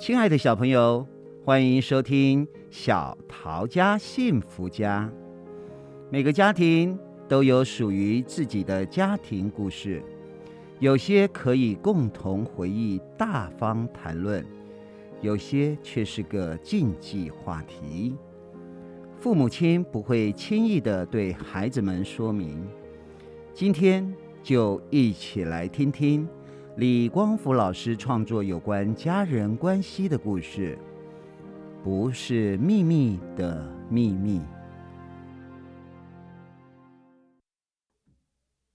親愛的小朋友，歡迎收聽《小桃家幸福家》。每個家庭都有屬於自己的家庭故事，有些可以共同回憶、大方談論，有些卻是個禁忌話題。父母親不會輕易地對孩子們說明。今天就一起來聽聽。李光福老師創作有關家人關係的故事，不是秘密的秘密。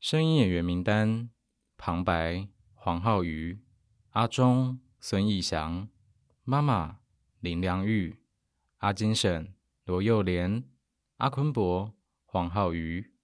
聲音演員名單：旁白黃浩榆，阿忠孫翌翔，媽媽林良玉，阿金嬸羅幼蓮，阿坤伯黃浩榆。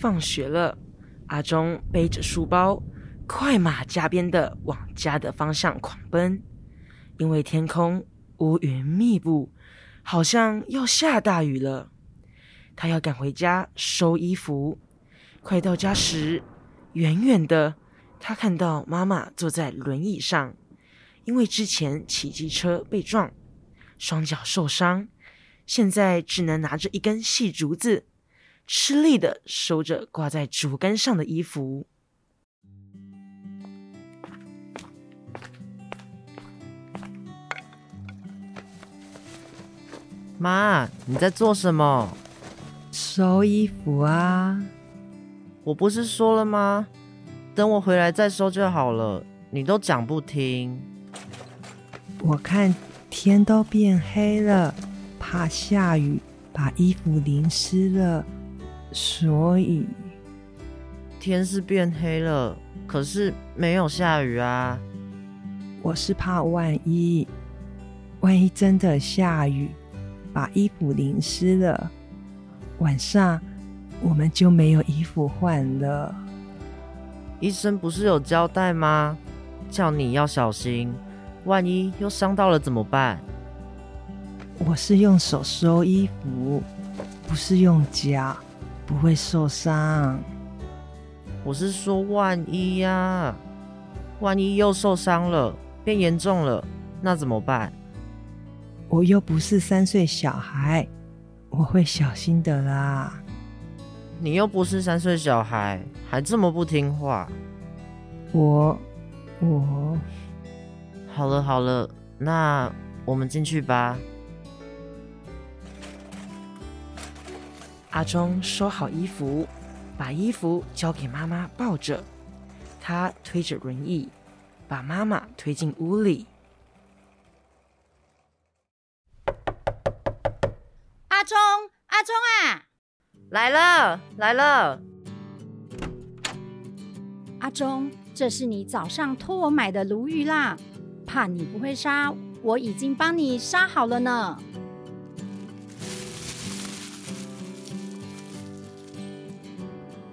放學了，阿忠背着書包，快馬加鞭地往家的方向狂奔。因為天空烏雲密佈，好像要下大雨了。他要趕回家收衣服。快到家時，遠遠的他看到媽媽坐在輪椅上，因為之前騎機車被撞，雙腳受傷，現在只能拿着一根細竹子。吃力的收着掛在竹竿上的衣服。媽，你在做什麼？收衣服啊。我不是說了嗎？等我回來再收就好了。你都講不聽。我看天都變黑了，怕下雨把衣服淋濕了。所以天是變黑了，可是沒有下雨啊。我是怕萬一，萬一真的下雨，把衣服淋濕了，晚上我們就沒有衣服換了。醫生不是有交代嗎？叫你要小心，萬一又傷到了怎麼辦？我是用手收衣服，不是用夾。不會受傷，我是說萬一呀、啊，萬一又受傷了，變嚴重了，那怎麼辦？我又不是三歲小孩，我會小心的啦。你又不是三歲小孩，還這麼不聽話。我，我，好了好了，那我們進去吧。阿忠收好衣服，把衣服交給媽媽抱着。他推着輪椅，把媽媽推進屋裡。阿忠，阿忠啊，來了，來了。阿忠，這是你早上托我買的鱸魚啦，怕你不會殺，我已經幫你殺好了呢。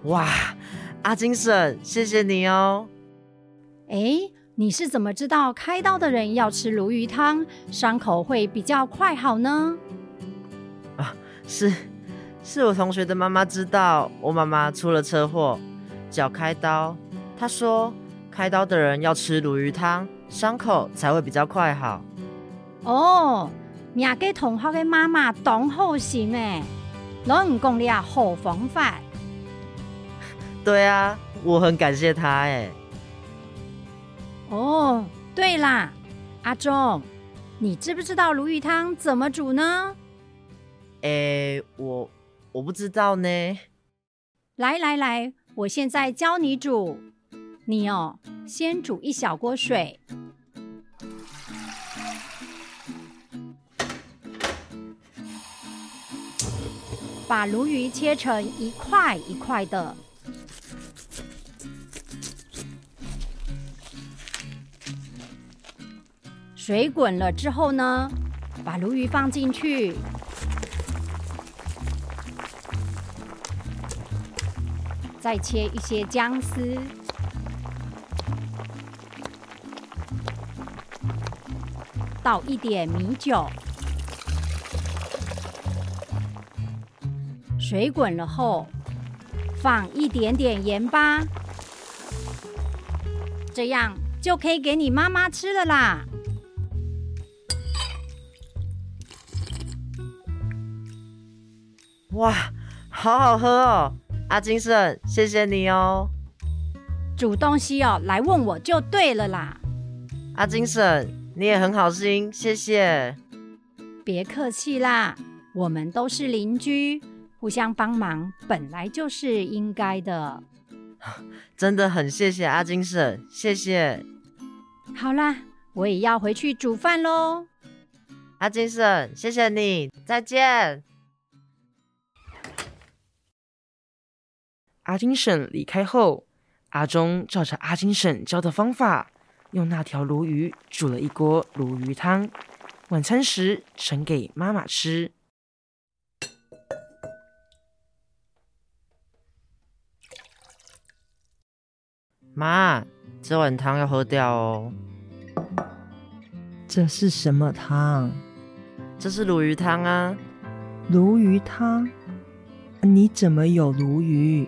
哇，阿金嬸，謝謝你哦。哎、欸，你是怎麼知道開刀的人要吃鱸魚湯，傷口會比較快好呢？啊，是，是我同學的媽媽知道我媽媽出了車禍，叫開刀。她說，開刀的人要吃鱸魚湯，傷口才會比較快好。哦，你要給同學的媽媽當好心誒，攏無講你有好方法。對啊，我很感謝他哎。哦，對啦，阿忠，你知不知道鱸魚湯怎麼煮呢？誒，我我不知道呢。來來來，我現在教你煮。你哦，先煮一小鍋水，把鱸魚切成一塊一塊的。水滾了之後呢，把鱸魚放進去，再切一些薑絲，倒一點米酒。水滾了後，放一點點鹽巴，這樣就可以給你媽媽吃了啦。哇，好好喝哦，阿金嬸，謝謝你哦。煮東西哦，來問我就對了啦。阿金嬸，你也很好心，謝謝。別客氣啦，我們都是鄰居，互相幫忙本來就是應該的。真的很謝謝阿金嬸，謝謝。好啦，我也要回去煮飯嘍。阿金嬸，謝謝你，再見。阿金嬸離開後，阿忠照着阿金嬸教的方法，用那條鱸魚煮了一鍋鱸魚湯。晚餐時盛給媽媽吃。媽，這碗湯要喝掉哦。這是什麼湯？這是鱸魚湯啊。鱸魚湯？你怎麼有鱸魚？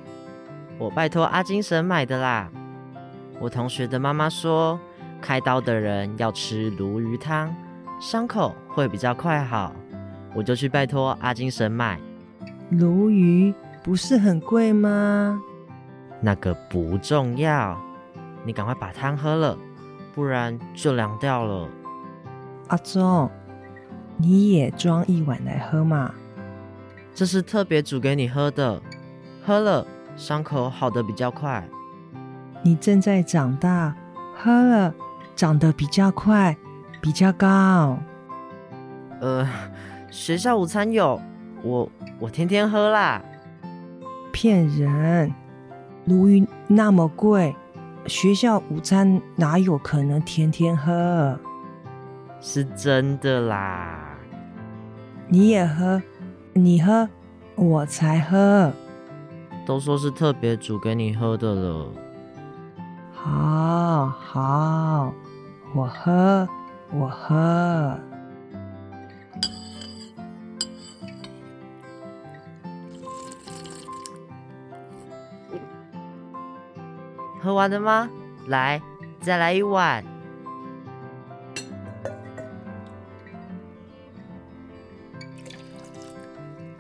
我拜托阿金嬸買的啦。我同學的媽媽說，開刀的人要吃鱸魚湯，傷口會比較快好。我就去拜托阿金嬸買。鱸魚不是很貴嗎？那個不重要，你趕快把湯喝了，不然就涼掉了。阿忠，你也裝一碗來喝嘛，這是特別煮給你喝的，喝了，傷口好的比較快，你正在長大，喝了長得比較快，比較高。呃，學校午餐有，我我天天喝啦。騙人，鱸魚那麼貴，學校午餐哪有可能天天喝？是真的啦，你也喝，你喝，我才喝。都說是特別煮給你喝的了。好，好，我喝，我喝。喝完了嗎？來，再來一碗。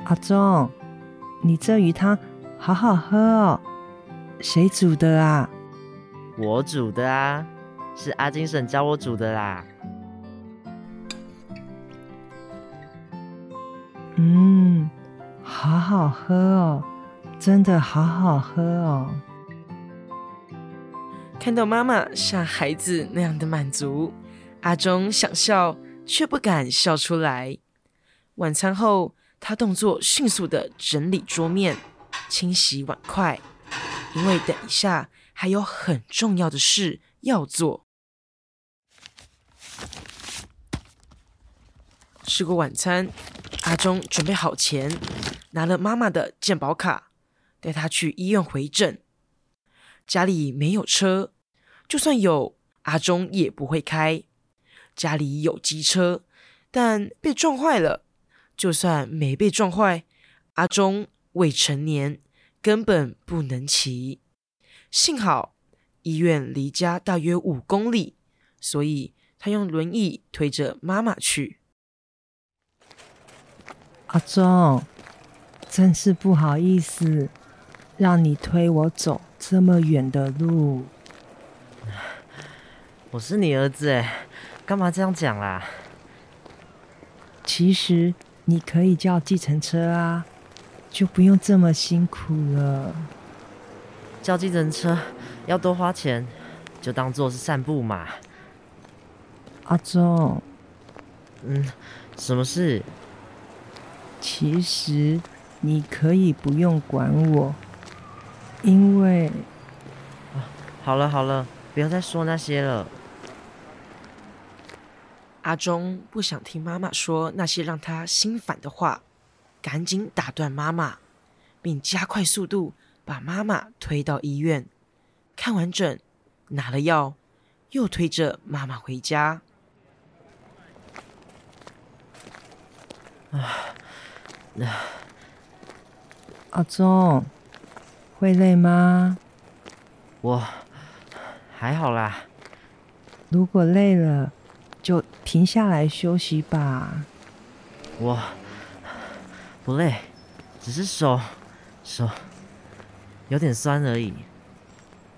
阿忠，你這魚湯。好好喝哦，誰煮的啊？我煮的啊，是阿金嬸教我煮的啦。嗯，好好喝哦，真的好好喝哦。看到媽媽像孩子那樣的滿足，阿忠想笑卻不敢笑出來。晚餐後，他動作迅速地整理桌面。清洗碗筷，因為等一下還有很重要的事要做。吃過晚餐，阿忠準備好錢，拿了媽媽的健保卡，帶她去醫院回診。家裡沒有車，就算有，阿忠也不會開。家裡有機車，但被撞壞了。就算沒被撞壞，阿忠。未成年根本不能騎，幸好醫院離家大約五公里，所以他用輪椅推着媽媽去。阿忠，真是不好意思，讓你推我走這麼遠的路。 我是你兒子哎，幹嘛這樣講啦、啊？其實你可以叫計程車啊。就不用這麼辛苦了。叫計程車要多花錢，就當做是散步嘛。阿忠，嗯，什麼事？其實你可以不用管我，因為……啊，好了好了，不要再說那些了。阿忠不想聽媽媽說那些讓他心煩的話。趕緊打斷媽媽，並加快速度把媽媽推到醫院。看完診，拿了藥，又推着媽媽回家。啊，阿忠，會累嗎？我還好啦。如果累了，就停下來休息吧。我。不累，只是手手有點酸而已。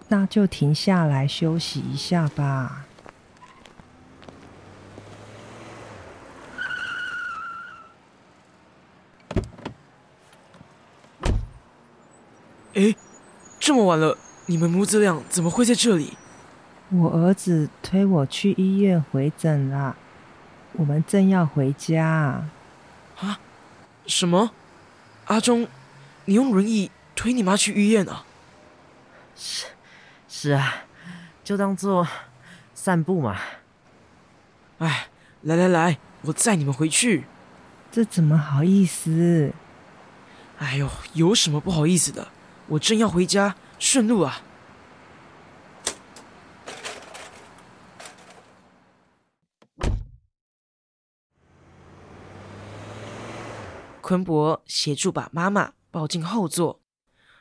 那就停下來休息一下吧。誒，這麼晚了，你們母子倆怎麼會在這裡？我兒子推我去醫院回診啦，我們正要回家。什麼？阿忠，你用輪椅推你媽去醫院啊？是，是啊，就當做散步嘛。哎，來來來，我載你們回去。這怎麼好意思？哎呦，有什麼不好意思的？我正要回家，順路啊。坤伯協助把媽媽抱進後座，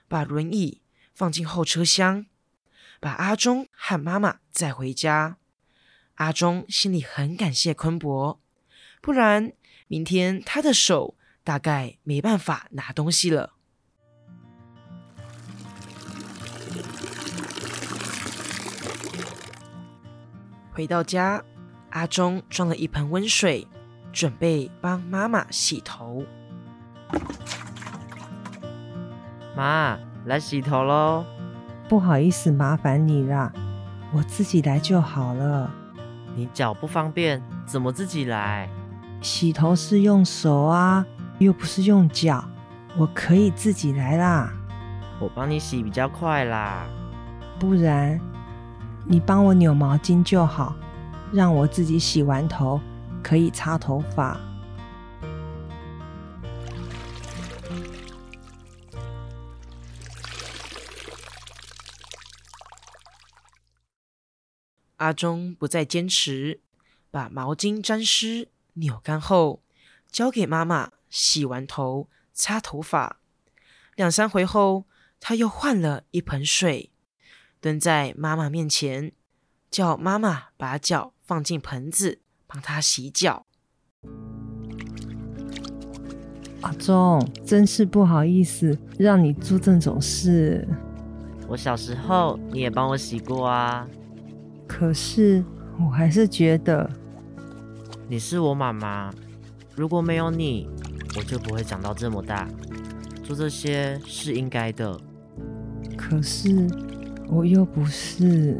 把輪椅放進後車廂，把阿忠和媽媽載回家。阿忠心裡很感謝坤伯，不然明天他的手大概沒辦法拿東西了。回到家，阿忠裝了一盆溫水，準備幫媽媽洗頭。媽，來洗頭嘍！不好意思，麻煩你啦，我自己來就好了。你腳不方便，怎麼自己來？洗頭是用手啊，又不是用腳。我可以自己來啦。我幫你洗比較快啦。不然你幫我扭毛巾就好，讓我自己洗完頭可以擦頭髮。阿忠不再堅持，把毛巾沾濕、扭乾後交給媽媽洗完頭、擦頭髮。兩三回後，他又換了一盆水，蹲在媽媽面前，叫媽媽把腳放進盆子幫他洗腳。阿忠，真是不好意思，讓你做這種事。我小時候，你也幫我洗過啊。可是，我還是覺得你是我媽媽。如果沒有你，我就不會長到這麼大。做這些是應該的。可是，我又不是。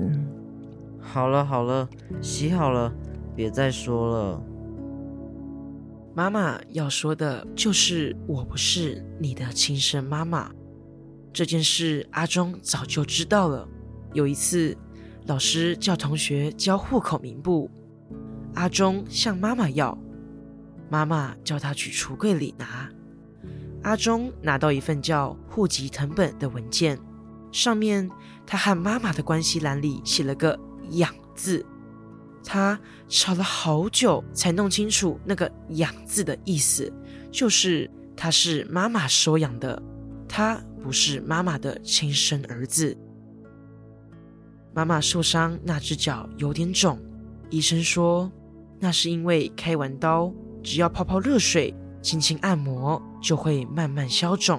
好了好了，洗好了，別再說了。媽媽要說的就是我不是你的親生媽媽。這件事，阿忠早就知道了。有一次。老師叫同學交戶口名簿，阿忠向媽媽要，媽媽叫他去櫥櫃裡拿。阿忠拿到一份叫戶籍謄本的文件，上面他和媽媽的關係欄裡寫了個養字。他吵了好久才弄清楚那個養字的意思，就是他是媽媽收養的，他不是媽媽的親生兒子。媽媽受傷那隻腳有點腫，醫生說那是因為開完刀，只要泡泡熱水，輕輕按摩就會慢慢消腫。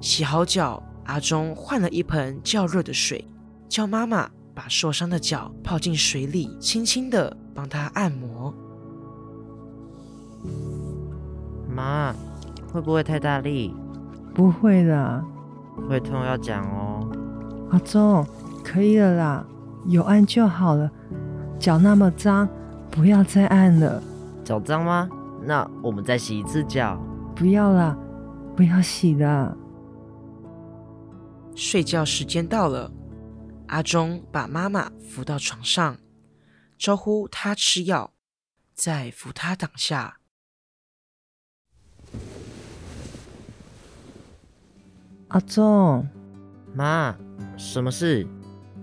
洗好腳，阿忠換了一盆較熱的水，叫媽媽把受傷的腳泡進水裡，輕輕地幫她按摩。媽，會不會太大力？不會的，會痛要講哦。阿忠。可以了啦，有按就好了。腳那麼髒，不要再按了。腳髒嗎？那我們再洗一次腳。不要啦，不要洗了。睡覺時間到了，阿忠把媽媽扶到床上，招呼她吃藥，再扶她躺下。阿忠，媽，什麼事？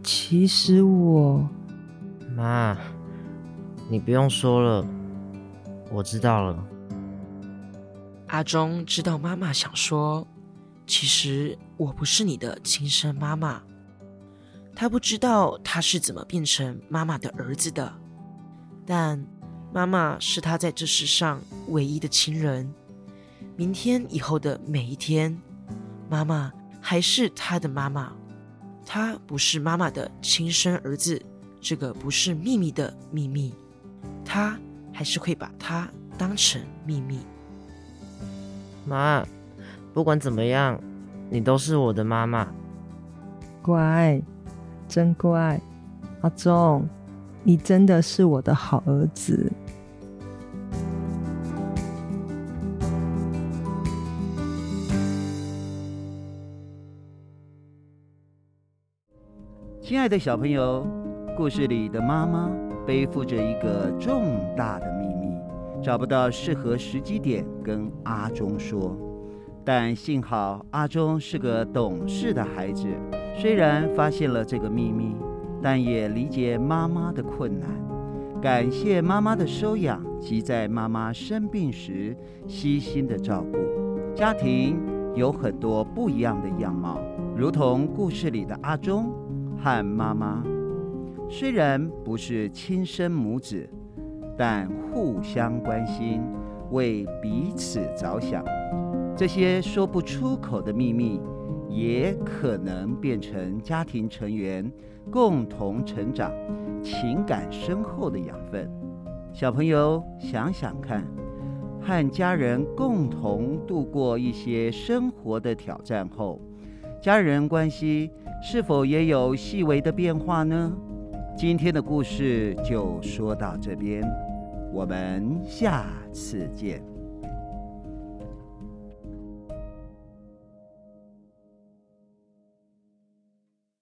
其實我，媽，你不用說了，我知道了。阿忠知道媽媽想說，其實我不是你的親生媽媽。他不知道他是怎麼變成媽媽的兒子的，但媽媽是他在這世上唯一的親人。明天以後的每一天，媽媽還是他的媽媽。他不是媽媽的親生兒子，這個不是祕密的祕密，他還是會把它當成祕密。媽，不管怎麼樣，你都是我的媽媽。乖，真乖，阿忠，你真的是我的好兒子。親愛的小朋友，故事裡的媽媽背負着一個重大的祕密，找不到適合時機點跟阿忠說。但幸好阿忠是個懂事的孩子，雖然發現了這個祕密，但也理解媽媽的困難。感謝媽媽的收養及在媽媽生病時悉心的照顧。家庭有很多不一樣的樣貌，如同故事裡的阿忠。和媽媽雖然不是親生母子，但互相關心，為彼此着想。這些說不出口的秘密，也可能變成家庭成員共同成長、情感深厚的養分。小朋友想想看，和家人共同度過一些生活的挑戰後，家人關係。是否也有細微的變化呢？今天的故事就說到這邊，我們下次見。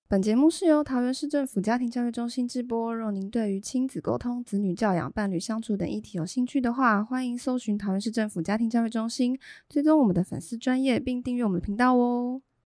本節目是由桃園市政府家庭教育中心製播。若您對於親子溝通、子女教養、伴侶相處等議題有興趣的話，歡迎搜尋桃園市政府家庭教育中心，追蹤我們的粉絲專頁，並訂閱我們的頻道哦。